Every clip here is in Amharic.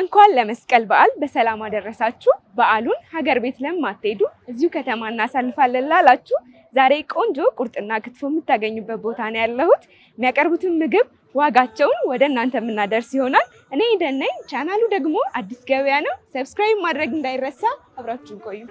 እንኳን ለመስቀል በዓል በሰላም አደረሳችሁ። በዓሉን ሀገር ቤት ለማትሄዱ እዚሁ ከተማ እናሳልፋለን ላላችሁ ዛሬ ቆንጆ ቁርጥና ክትፎ የምታገኙበት ቦታ ነው ያለሁት። የሚያቀርቡትን ምግብ ዋጋቸውን ወደ እናንተ የምናደርስ ይሆናል። እኔ ደነኝ፣ ቻናሉ ደግሞ አዲስ ገበያ ነው። ሰብስክራይብ ማድረግ እንዳይረሳ፣ አብራችሁን ቆዩ።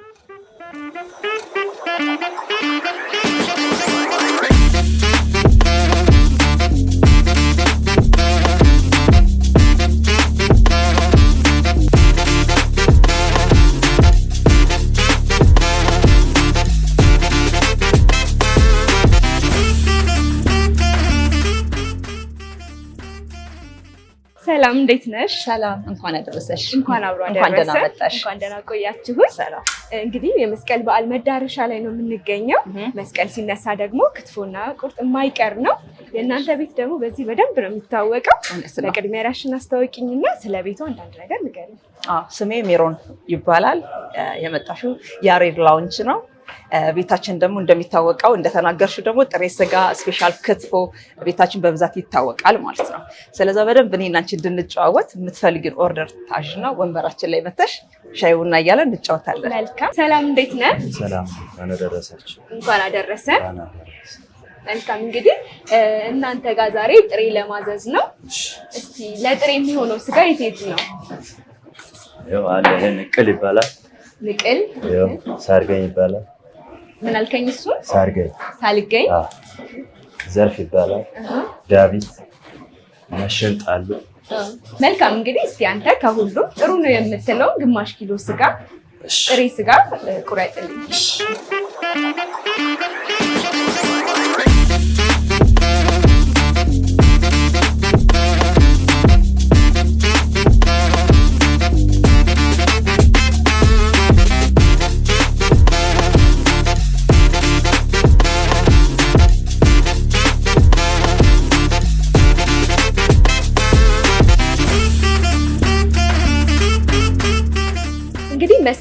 ሰላም እንዴት ነሽ? ሰላም እንኳን አደረሰሽ። እንኳን አብሮ አደረሰ። እንኳን ደህና ሰላም እንግዲህ የመስቀል በዓል መዳረሻ ላይ ነው የምንገኘው። መስቀል ሲነሳ ደግሞ ክትፎና ቁርጥ የማይቀር ነው። የእናንተ ቤት ደግሞ በዚህ በደንብ ነው የሚታወቀው። በቅድሚያ ራሽን አስታወቂኝና ስለ ቤቱ አንዳንድ ነገር ንገሪኝ። ስሜ ሜሮን ይባላል። የመጣሽው ያሬድ ላውንች ነው ቤታችን ደግሞ እንደሚታወቀው እንደተናገርሽው ደግሞ ጥሬ ስጋ ስፔሻል ክትፎ ቤታችን በብዛት ይታወቃል ማለት ነው። ስለዛ በደንብ እኔ እናንቺ እንድንጨዋወት የምትፈልግን ኦርደር ነው ወንበራችን ላይ መተሽ ሻይ ቡና እያለ እንጫወታለን። መልካም ሰላም፣ እንዴት ነ? ሰላም እንኳን አደረሰ። መልካም እንግዲህ እናንተ ጋር ዛሬ ጥሬ ለማዘዝ ነው። እስቲ ለጥሬ የሚሆነው ስጋ የት የት ነው? ይሄ ንቅል ይባላል። ንቅል ሳርገኝ ይባላል ምን አልከኝ? እሱ ሳርገኝ ሳልገኝ ዘርፍ ይባላል። ዳዊት መሸንጥ መልካም እንግዲህ እስቲ አንተ ከሁሉም ጥሩ ነው የምትለው ግማሽ ኪሎ ስጋ ጥሬ ስጋ ቁረጥልኝ።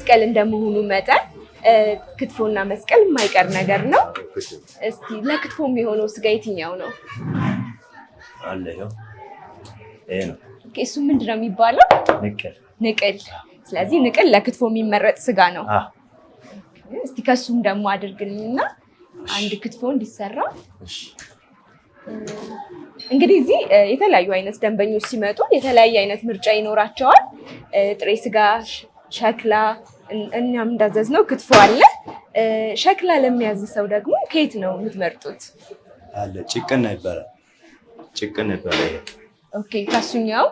መስቀል እንደመሆኑ መጠን ክትፎና መስቀል የማይቀር ነገር ነው። እስቲ ለክትፎ የሚሆነው ስጋ የትኛው ነው? አለ ነው። እሱ ምንድን ነው የሚባለው? ንቅል ስለዚህ ንቅል ለክትፎ የሚመረጥ ስጋ ነው። እስቲ ከሱም ደግሞ አድርግንና አንድ ክትፎ እንዲሰራ። እንግዲህ እዚህ የተለያዩ አይነት ደንበኞች ሲመጡ የተለያየ አይነት ምርጫ ይኖራቸዋል። ጥሬ ስጋ፣ ሸክላ እኛም እንዳዘዝ ነው ክትፎ አለ። ሸክላ ለሚያዝ ሰው ደግሞ ከየት ነው የምትመርጡት? አለ ጭቅና ይባላል። ጭቅን ይባላል። ኦኬ ከሱኛው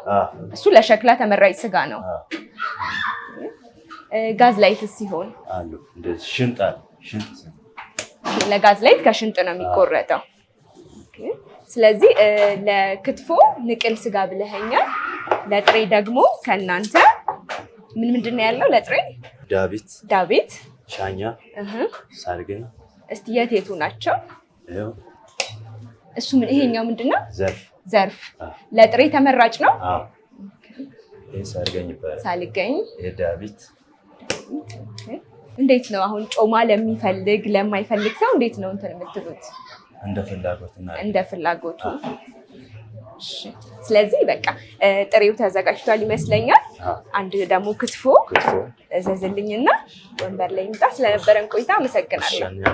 እሱ ለሸክላ ተመራጭ ስጋ ነው። ጋዝ ላይት ሲሆን አሉ እንደዚህ ሽንጥ አለ። ሽንጥ ለጋዝ ላይት ከሽንጥ ነው የሚቆረጠው። ስለዚህ ለክትፎ ንቅል ስጋ ብለኸኛል። ለጥሬ ደግሞ ከእናንተ ምን ምንድን ነው ያለው? ለጥሬ ዳዊት፣ ዳዊት፣ ሻኛ፣ ሳርገኝ። እስቲ የቴቱ ናቸው? እሱ ምን ይሄኛው ምንድን ነው? ዘርፍ፣ ዘርፍ ለጥሬ ተመራጭ ነው። ሳርገኝ ይባላል። ሳልገኝ፣ ዳዊት። እንዴት ነው አሁን ጮማ ለሚፈልግ ለማይፈልግ ሰው እንዴት ነው እንትን የምትሉት? እንደ ፍላጎት እንደ ፍላጎቱ ስለዚህ በቃ ጥሬው ተዘጋጅቷል ይመስለኛል። አንድ ደግሞ ክትፎ ዘዝልኝና ወንበር ላይ ምጣ። ስለነበረን ቆይታ አመሰግናለሁ።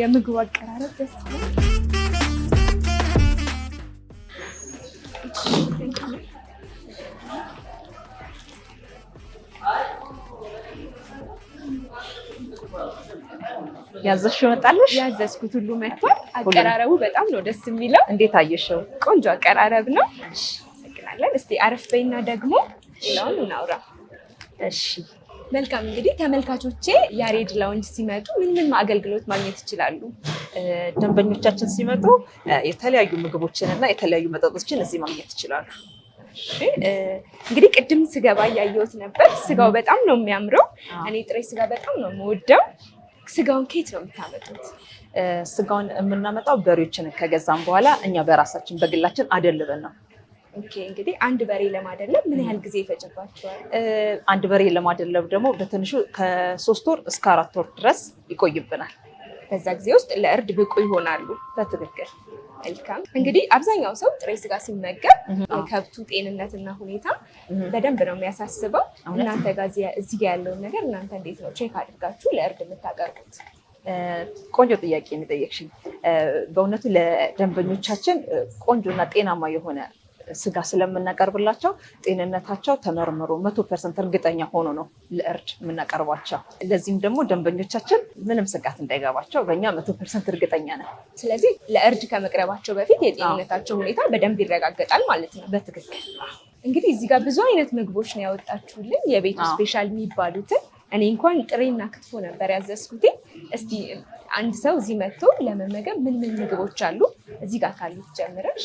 የምግቡ አቀራረብ ደስ ያዘዝሽው መጣለሽ? ያዘዝኩት ሁሉ መጥቷል። አቀራረቡ በጣም ነው ደስ የሚለው። እንዴት አየሽው? ቆንጆ አቀራረብ ነው። አመሰግናለን። እስቲ አረፍ በይና ደግሞ ነው እናውራ። እሺ መልካም እንግዲህ ተመልካቾቼ ያሬድ ላውንጅ ሲመጡ ምን ምን አገልግሎት ማግኘት ይችላሉ? ደንበኞቻችን ሲመጡ የተለያዩ ምግቦችን እና የተለያዩ መጠጦችን እዚህ ማግኘት ይችላሉ። እንግዲህ ቅድም ስገባ እያየሁት ነበር። ስጋው በጣም ነው የሚያምረው። እኔ ጥሬ ስጋ በጣም ነው የምወደው። ስጋውን ከየት ነው የምታመጡት? ስጋውን የምናመጣው በሬዎችን ከገዛም በኋላ እኛ በራሳችን በግላችን አደልበን ነው እንግዲህ አንድ በሬ ለማደለብ ምን ያህል ጊዜ ይፈጅባቸዋል? አንድ በሬ ለማደለብ ደግሞ በትንሹ ከሶስት ወር እስከ አራት ወር ድረስ ይቆይብናል። በዛ ጊዜ ውስጥ ለእርድ ብቁ ይሆናሉ። በትክክል መልካም። እንግዲህ አብዛኛው ሰው ጥሬ ስጋ ሲመገብ የከብቱ ጤንነትና ሁኔታ በደንብ ነው የሚያሳስበው። እናንተ ጋር እዚህ ያለውን ነገር እናንተ እንዴት ነው ቼክ አድርጋችሁ ለእርድ የምታቀርቡት? ቆንጆ ጥያቄ የሚጠየቅሽኝ። በእውነቱ ለደንበኞቻችን ቆንጆና ጤናማ የሆነ ስጋ ስለምናቀርብላቸው ጤንነታቸው ተመርምሮ መቶ ፐርሰንት እርግጠኛ ሆኖ ነው ለእርድ የምናቀርቧቸው። ለዚህም ደግሞ ደንበኞቻችን ምንም ስጋት እንዳይገባቸው በእኛ መቶ ፐርሰንት እርግጠኛ ነው። ስለዚህ ለእርድ ከመቅረባቸው በፊት የጤንነታቸው ሁኔታ በደንብ ይረጋገጣል ማለት ነው። በትክክል እንግዲህ እዚህ ጋር ብዙ አይነት ምግቦች ነው ያወጣችሁልን የቤቱ ስፔሻል የሚባሉትን እኔ እንኳን ጥሬና ክትፎ ነበር ያዘዝኩት። እስቲ አንድ ሰው እዚህ መጥቶ ለመመገብ ምን ምን ምግቦች አሉ እዚህ ጋር ካሉት ጀምረሽ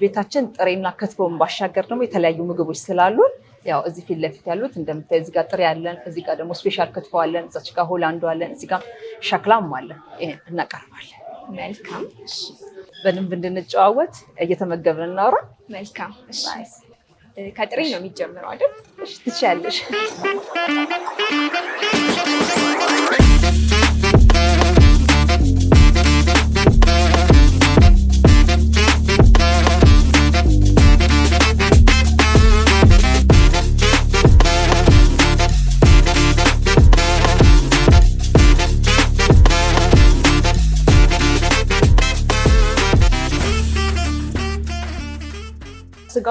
ቤታችን ጥሬና ከትፎን ባሻገር ደግሞ የተለያዩ ምግቦች ስላሉ ያው እዚህ ፊት ለፊት ያሉት እንደምታይ እዚህ ጋር ጥሬ አለን፣ እዚህ ጋር ደግሞ ስፔሻል ክትፎ አለን፣ እዛች ጋር ሆላንዶ አለን፣ እዚህ ጋር ሸክላም አለን። ይሄን እናቀርባለን። መልካም በደንብ እንድንጨዋወት እየተመገብን እናውራ። መልካም ከጥሬ ነው የሚጀምረው አይደል? ትችያለሽ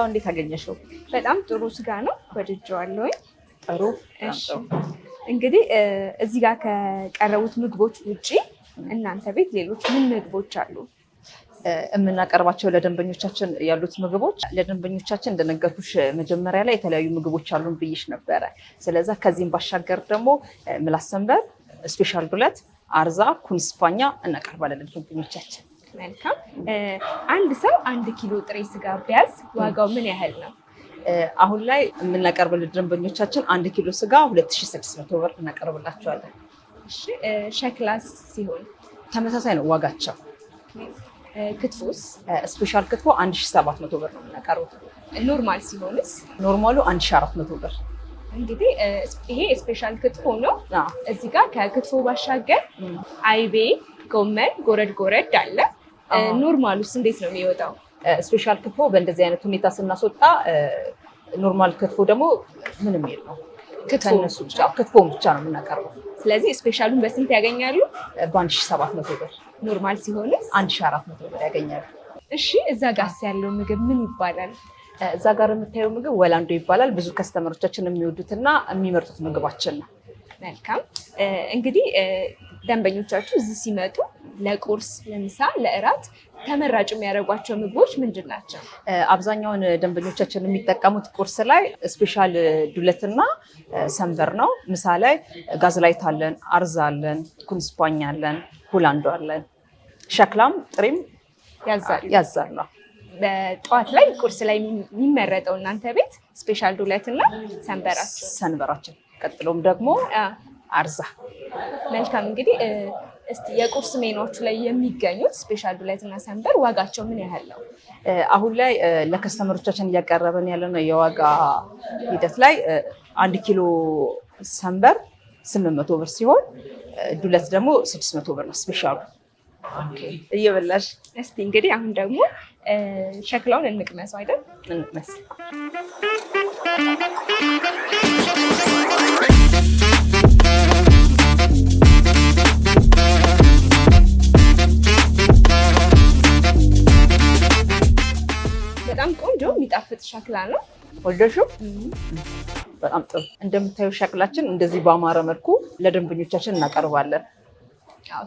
ስጋው እንዴት አገኘሽው? በጣም ጥሩ ስጋ ነው። ወድጄዋለሁኝ። ጥሩ እንግዲህ እዚህ ጋር ከቀረቡት ምግቦች ውጭ እናንተ ቤት ሌሎች ምን ምግቦች አሉ? የምናቀርባቸው ለደንበኞቻችን ያሉት ምግቦች ለደንበኞቻችን እንደነገርኩሽ መጀመሪያ ላይ የተለያዩ ምግቦች አሉን ብይሽ ነበረ። ስለዛ ከዚህም ባሻገር ደግሞ ምላሰንበር፣ ስፔሻል ዱለት፣ አርዛ፣ ኩንስፓኛ እናቀርባለን ለደንበኞቻችን። መልካም። አንድ ሰው አንድ ኪሎ ጥሬ ስጋ ቢያዝ ዋጋው ምን ያህል ነው? አሁን ላይ የምናቀርብልን ደንበኞቻችን አንድ ኪሎ ስጋ ሁለት ሺህ ብር እናቀርብላቸዋለን። ሸክላስ ሲሆን ተመሳሳይ ነው ዋጋቸው። ክትፎስ ስፔሻል ክትፎ 1700 ብር ነው የምናቀርቡት። ኖርማል ሲሆንስ ኖርማሉ 1400 ብር። እንግዲህ ይሄ ስፔሻል ክትፎ ነው። እዚህ ጋር ከክትፎ ባሻገር አይቤ፣ ጎመን ጎረድ ጎረድ አለ። ኖርማል ውስጥ እንዴት ነው የሚወጣው? ስፔሻል ክትፎ በእንደዚህ አይነት ሁኔታ ስናስወጣ፣ ኖርማል ክትፎ ደግሞ ምንም የለው ከነሱ ብቻ ክትፎን ብቻ ነው የምናቀርበው። ስለዚህ ስፔሻሉን በስንት ያገኛሉ? በአንድ ሺ ሰባት መቶ ብር ኖርማል ሲሆን አንድ ሺ አራት መቶ ብር ያገኛሉ። እሺ እዛ ጋስ ያለው ምግብ ምን ይባላል? እዛ ጋር የምታየው ምግብ ወላንዶ ይባላል። ብዙ ከስተመሮቻችን የሚወዱትና የሚመርጡት ምግባችን ነው። መልካም እንግዲህ ደንበኞቻችሁ እዚህ ሲመጡ ለቁርስ፣ ለምሳ፣ ለእራት ተመራጭ የሚያደርጓቸው ምግቦች ምንድን ናቸው? አብዛኛውን ደንበኞቻችን የሚጠቀሙት ቁርስ ላይ ስፔሻል ዱለትና ሰንበር ነው። ምሳ ላይ ጋዝላይት አለን፣ አርዝ አለን፣ ኩንስፓኝ አለን፣ ሁላንዶ አለን። ሸክላም ጥሪም ነው። በጠዋት ላይ ቁርስ ላይ የሚመረጠው እናንተ ቤት ስፔሻል ዱለትና ሰንበራችን ሰንበራችን ቀጥሎም ደግሞ አርዛ። መልካም እንግዲህ እስቲ የቁርስ ሜኖቹ ላይ የሚገኙት ስፔሻል እና ሰንበር ዋጋቸው ምን ያህል ነው? አሁን ላይ ለከስተመሮቻችን እያቀረበን ያለ ነው የዋጋ ሂደት ላይ አንድ ኪሎ ሰንበር ስምንት መቶ ብር ሲሆን ዱለት ደግሞ ስድስት መቶ ብር ነው ስፔሻሉ። እየበላሽ እስቲ እንግዲህ አሁን ደግሞ ሸክላውን እንቅመሰው አይደል? እንቅመስ በጣም ቆንጆ የሚጣፍጥ ሸክላ ነው። ወደሹም በጣም ጥሩ። እንደምታዩ ሸክላችን እንደዚህ በአማረ መልኩ ለደንበኞቻችን እናቀርባለን።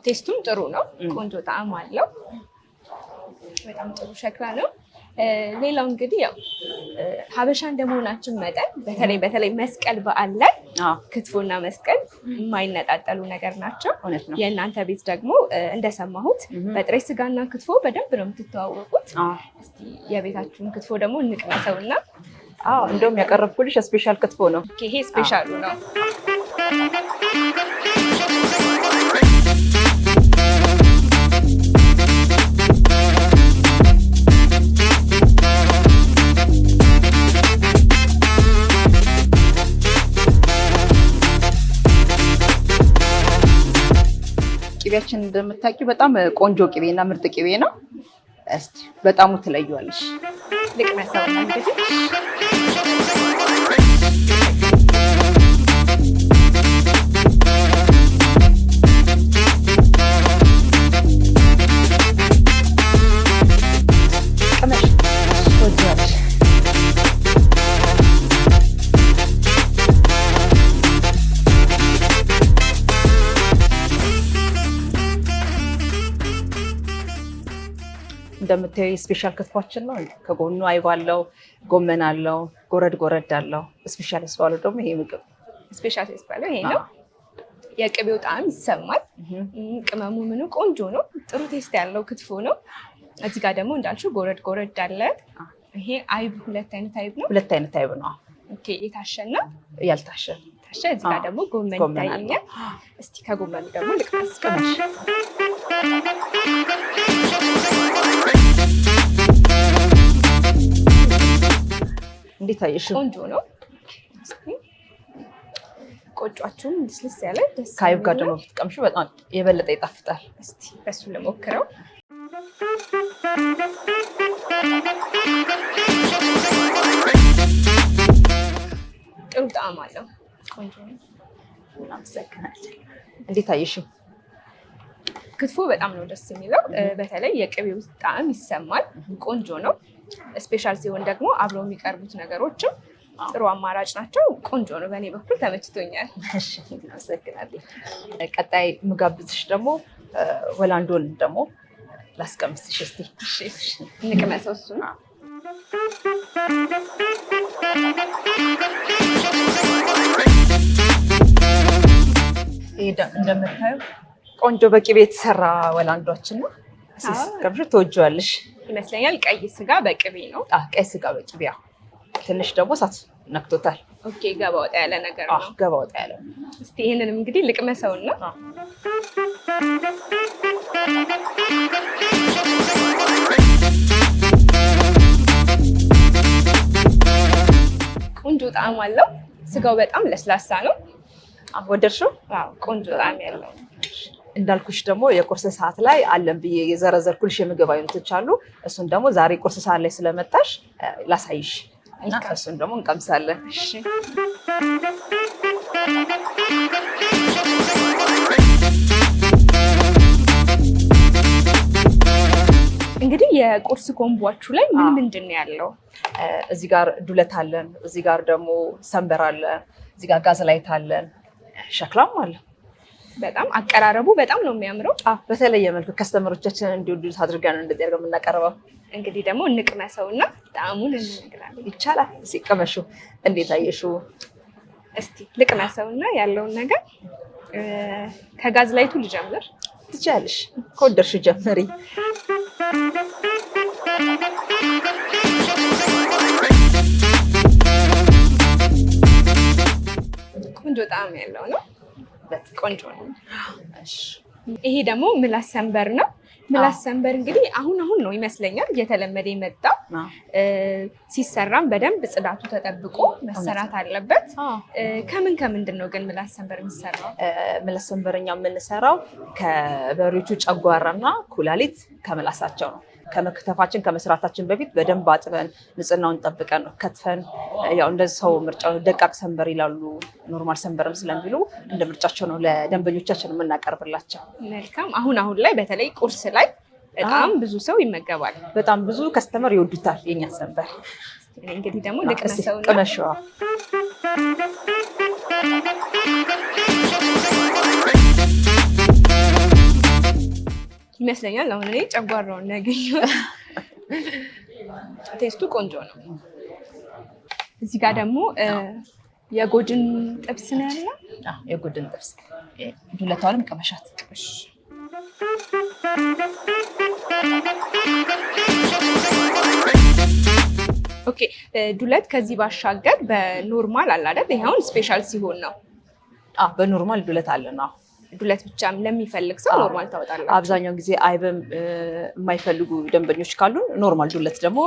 ቴስቱም ጥሩ ነው። ቆንጆ ጣዕም አለው። በጣም ጥሩ ሸክላ ነው። ሌላው እንግዲህ ያው ሀበሻ እንደመሆናችን መጠን በተለይ በተለይ መስቀል በዓል ላይ ክትፎና መስቀል የማይነጣጠሉ ነገር ናቸው። የእናንተ ቤት ደግሞ እንደሰማሁት በጥሬ ስጋና ክትፎ በደንብ ነው የምትተዋወቁት። እስኪ የቤታችሁን ክትፎ ደግሞ እንቅመሰው እና እንደውም ያቀረብኩልሽ ስፔሻል ክትፎ ነው። ይሄ ስፔሻሉ ነው። ቅቤያችን እንደምታውቂው በጣም ቆንጆ ቅቤ እና ምርጥ ቅቤ ነው። እስቲ በጣም ትለዩዋለሽ። ልቅ መሰብ እንደምታዩ ስፔሻል ክትፏችን ነው። ከጎኑ አይብ አለው፣ ጎመን አለው፣ ጎረድ ጎረድ አለው። ስፔሻል ስባለው ደግሞ ይሄ ምግብ ስፔሻል ስባለው ይሄ ነው። የቅቤው ጣዕም ይሰማል። ቅመሙ ምኑ ቆንጆ ነው። ጥሩ ቴስት ያለው ክትፎ ነው። እዚህ ጋር ደግሞ እንዳልሽው ጎረድ ጎረድ አለ። ይሄ አይብ ሁለት አይነት አይብ ነው። ሁለት አይነት አይብ ነው። ኦኬ የታሸና ያልታሸ ታሸ። እዚህ ጋር ደግሞ ጎመን ይታየኛል። እስቲ ከጎመኑ ደግሞ ልቃስ እንዴት አየሽ? ቆንጆ ነው። ቆጫችሁም ልስልስ ያለ ደስ ከአይብ ጋር ደግሞ ብትቀምሹ በጣም የበለጠ ይጣፍጣል። እስቲ በሱ ልሞክረው። ጥሩ ጣዕም አለው። ቆንጆ እናመሰግናለን። እንዴት አየሽው? ክትፎ በጣም ነው ደስ የሚለው። በተለይ የቅቤው ጣዕም ይሰማል። ቆንጆ ነው። ስፔሻል ሲሆን ደግሞ አብረው የሚቀርቡት ነገሮችም ጥሩ አማራጭ ናቸው። ቆንጆ ነው። በእኔ በኩል ተመችቶኛል። እናመሰግናለን። ቀጣይ ምጋብዝሽ ደግሞ ወላንዶን ደግሞ ላስቀምስሽ። እስኪ እንቅመሰው እሱ ነው ይሄ እንደምታየው ቆንጆ በቅቤ የተሰራ ወላንዷችን ነው። እስከብሽ ትወጂዋለሽ ይመስለኛል። ቀይ ስጋ በቅቤ ነው። ቀይ ስጋ በቅቤ ትንሽ ደግሞ እሳት ነክቶታል። ኦኬ፣ ገባ ወጣ ያለ ነገር ነው። ገባ ወጣ ያለ እስቲ ይሄንን እንግዲህ ልቅመ ሰውና ቆንጆ ጣዕም አለው። ስጋው በጣም ለስላሳ ነው። ወደድሽው? ቆንጆ ጣዕም ያለው እንዳልኩሽ ደግሞ የቁርስ ሰዓት ላይ አለን ብዬ የዘረዘርኩልሽ የምግብ አይነቶች አሉ። እሱን ደግሞ ዛሬ ቁርስ ሰዓት ላይ ስለመጣሽ ላሳይሽ እሱን ደግሞ እንቀምሳለን። እንግዲህ የቁርስ ኮምቦችሁ ላይ ምን ምንድን ነው ያለው? እዚህ ጋር ዱለት አለን፣ እዚህ ጋር ደግሞ ሰንበር አለን፣ እዚህ ጋር ጋዝላይት አለን፣ ሸክላም አለ። በጣም አቀራረቡ በጣም ነው የሚያምረው። በተለየ መልኩ ከስተመሮቻችን እንዲወዱት አድርገን ነው እንደዚህ አድርገን የምናቀርበው። እንግዲህ ደግሞ እንቅመሰው እና ጣዕሙን እንነግራለን። ይቻላል። ሲቀመሹ እንዴት አየሹ? እስቲ ልቅመሰው እና ያለውን ነገር ከጋዝ ላይቱ ልጀምር። ትችያለሽ፣ ከወደድሽው ጀምሪ። ቆንጆ ጣዕም ያለው ነው። ቆንጆ ነው። ይሄ ደግሞ ምላስ ሰንበር ነው። ምላስ ሰንበር እንግዲህ አሁን አሁን ነው ይመስለኛል እየተለመደ የመጣው። ሲሰራም በደንብ ጽዳቱ ተጠብቆ መሰራት አለበት። ከምን ከምንድን ነው ግን ምላስ ሰንበር የሚሰራው? ምላስ ሰንበር እኛ የምንሰራው ከበሬዎቹ ጨጓራና ኩላሊት ከምላሳቸው ነው ከመክተፋችን ከመስራታችን በፊት በደንብ አጥበን ንጽህናውን ጠብቀን ከትፈን፣ ያው እንደዚህ ሰው ምርጫ ደቃቅ ሰንበር ይላሉ፣ ኖርማል ሰንበርም ስለሚሉ እንደ ምርጫቸው ነው ለደንበኞቻችን የምናቀርብላቸው። መልካም። አሁን አሁን ላይ በተለይ ቁርስ ላይ በጣም ብዙ ሰው ይመገባል። በጣም ብዙ ከስተመር ይወዱታል የኛ ሰንበር። እንግዲህ ደግሞ ቅመሸዋ ይመስለኛል። አሁን እኔ ጨጓራውን ያገኘሁት። ቴስቱ ቆንጆ ነው። እዚህ ጋር ደግሞ የጎድን ጥብስ ነው ያለ። የጎድን ጥብስ ዱለታዋልም ቅመሻት። ኦኬ ዱለት ከዚህ ባሻገር በኖርማል አለ አይደል? ይሄ ስፔሻል ሲሆን ነው። በኖርማል ዱለት አለ ነው ዱለት ብቻ ለሚፈልግ ሰው ኖርማል ታወጣለ አብዛኛውን ጊዜ አይብም የማይፈልጉ ደንበኞች ካሉ ኖርማል ዱለት ደግሞ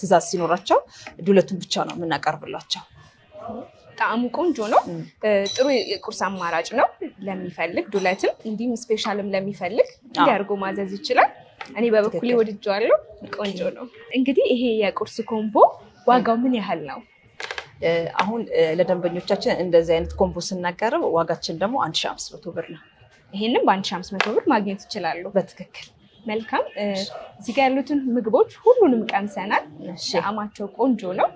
ትዛዝ ሲኖራቸው ዱለቱን ብቻ ነው የምናቀርብላቸው። ጣዕሙ ቆንጆ ነው። ጥሩ የቁርስ አማራጭ ነው ለሚፈልግ ዱለትም እንዲሁም ስፔሻልም ለሚፈልግ እንዲያርጎ ማዘዝ ይችላል። እኔ በበኩሌ ወድጄዋለሁ። ቆንጆ ነው። እንግዲህ ይሄ የቁርስ ኮምቦ ዋጋው ምን ያህል ነው? አሁን ለደንበኞቻችን እንደዚህ አይነት ኮምቦ ስናቀርብ ዋጋችን ደግሞ አንድ ሺ አምስት መቶ ብር ነው። ይህንም በአንድ ሺ አምስት መቶ ብር ማግኘት ይችላሉ። በትክክል መልካም። እዚህ ጋር ያሉትን ምግቦች ሁሉንም ቀምሰናል። ጣዕማቸው ቆንጆ ነው።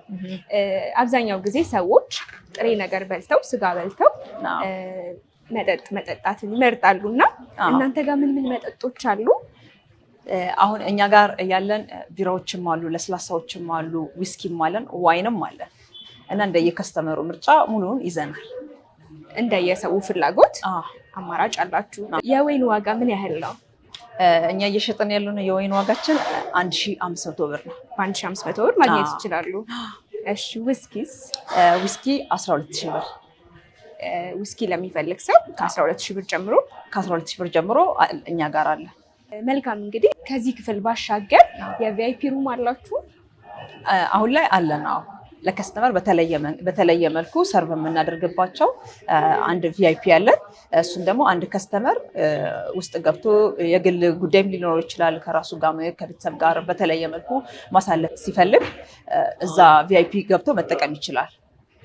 አብዛኛው ጊዜ ሰዎች ጥሬ ነገር በልተው ስጋ በልተው መጠጥ መጠጣትን ይመርጣሉ እና እናንተ ጋር ምን ምን መጠጦች አሉ? አሁን እኛ ጋር ያለን ቢራዎችም አሉ፣ ለስላሳዎችም አሉ፣ ዊስኪም አለን፣ ዋይንም አለን። እና እንደየከስተመሩ ምርጫ ሙሉውን ይዘናል። እንደየሰው ፍላጎት አማራጭ አላችሁ። የወይን ዋጋ ምን ያህል ነው? እኛ እየሸጠን ያለውን የወይን ዋጋችን አንድ ሺ አምስት መቶ ብር ነው። በአንድ ሺ አምስት መቶ ብር ማግኘት ይችላሉ። እሺ ዊስኪስ? ውስኪ አስራ ሁለት ብር ውስኪ ለሚፈልግ ሰው ከ12 ሺህ ብር ጀምሮ ከ12 ሺህ ብር ጀምሮ እኛ ጋር አለ። መልካም እንግዲህ ከዚህ ክፍል ባሻገር የቪአይፒ ሩም አላችሁ? አሁን ላይ አለን። አዎ ለከስተመር በተለየ መልኩ ሰርቭ የምናደርግባቸው አንድ ቪአይፒ አለን እሱን ደግሞ አንድ ከስተመር ውስጥ ገብቶ የግል ጉዳይም ሊኖር ይችላል ከራሱ ጋር ከቤተሰብ ጋር በተለየ መልኩ ማሳለፍ ሲፈልግ እዛ ቪአይፒ ገብቶ መጠቀም ይችላል።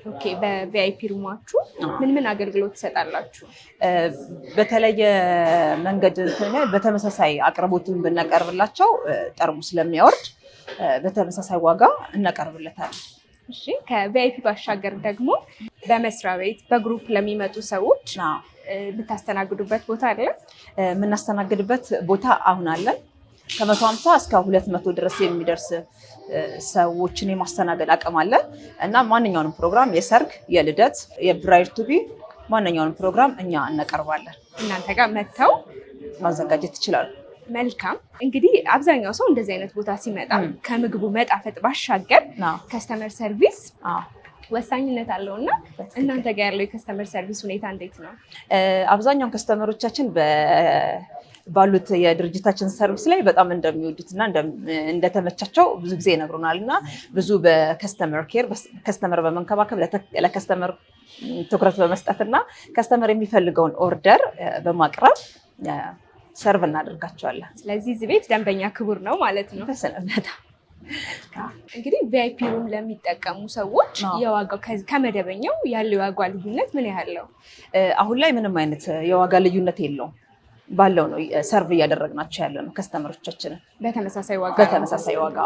ኦኬ፣ በቪአይፒ ሩማችሁ ምን ምን አገልግሎት ትሰጣላችሁ? በተለየ መንገድ በተመሳሳይ አቅርቦትን ብናቀርብላቸው ጠርሙ ስለሚያወርድ በተመሳሳይ ዋጋ እናቀርብለታለን። እሺ ከቪአይፒ ባሻገር ደግሞ በመስሪያ ቤት በግሩፕ ለሚመጡ ሰዎች የምታስተናግዱበት ቦታ አለ? የምናስተናግድበት ቦታ አሁን አለን። ከመቶ ሀምሳ እስከ ሁለት መቶ ድረስ የሚደርስ ሰዎችን የማስተናገድ አቅም አለን እና ማንኛውንም ፕሮግራም የሰርግ፣ የልደት፣ የብራይድ ቱቢ ማንኛውንም ፕሮግራም እኛ እናቀርባለን። እናንተ ጋር መጥተው ማዘጋጀት ይችላሉ። መልካም እንግዲህ አብዛኛው ሰው እንደዚህ አይነት ቦታ ሲመጣ ከምግቡ መጣፈጥ ባሻገር ከስተመር ሰርቪስ ወሳኝነት አለው እና እናንተ ጋር ያለው የከስተመር ሰርቪስ ሁኔታ እንዴት ነው? አብዛኛውን ከስተመሮቻችን ባሉት የድርጅታችን ሰርቪስ ላይ በጣም እንደሚወዱት እና እንደተመቻቸው ብዙ ጊዜ ይነግሩናል እና ብዙ በከስተመር ኬር ከስተመር በመንከባከብ ለከስተመር ትኩረት በመስጠት እና ከስተመር የሚፈልገውን ኦርደር በማቅረብ ሰርቭ እናደርጋቸዋለን። ስለዚህ እዚህ ቤት ደንበኛ ክቡር ነው ማለት ነው። በስነምነታ እንግዲህ ቪአይፒ ሩም ለሚጠቀሙ ሰዎች የዋጋው ከመደበኛው ያለው የዋጋ ልዩነት ምን ያህል ነው? አሁን ላይ ምንም አይነት የዋጋ ልዩነት የለውም። ባለው ነው ሰርቭ እያደረግናቸው ያለ ነው ከስተመሮቻችንን በተመሳሳይ ዋጋ በተመሳሳይ ዋጋ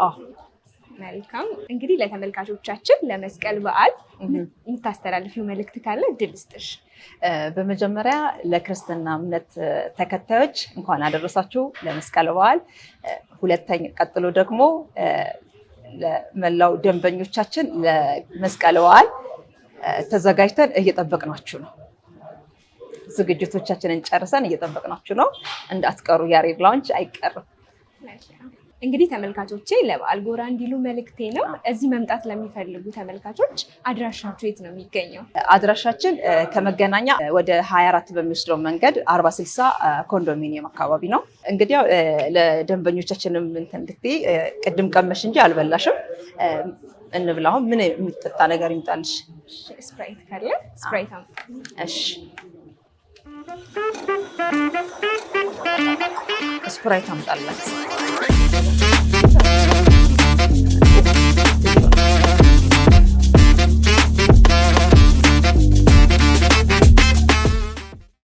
መልካም እንግዲህ ለተመልካቾቻችን ለመስቀል በዓል የምታስተላልፊው መልእክት ካለ እድል ስጥሽ። በመጀመሪያ ለክርስትና እምነት ተከታዮች እንኳን አደረሳችሁ ለመስቀል በዓል። ሁለተኛ ቀጥሎ ደግሞ ለመላው ደንበኞቻችን ለመስቀል በዓል ተዘጋጅተን እየጠበቅናችሁ ነው። ዝግጅቶቻችንን ጨርሰን እየጠበቅናችሁ ነው። እንዳትቀሩ። ያሬድ ላውንች አይቀርም። እንግዲህ ተመልካቾቼ ለበዓል ጎራ እንዲሉ መልእክቴ ነው። እዚህ መምጣት ለሚፈልጉ ተመልካቾች አድራሻችሁ የት ነው የሚገኘው? አድራሻችን ከመገናኛ ወደ 24 በሚወስደው መንገድ 4060 ኮንዶሚኒየም አካባቢ ነው። እንግዲህ ለደንበኞቻችንም እንትን ቅድም ቀመሽ እንጂ አልበላሽም እንብላ። አሁን ምን የሚጠጣ ነገር ይምጣልሽ? ስፕራይት ካለ ስፕራይት። እሺ ስፕራይት አምጣላት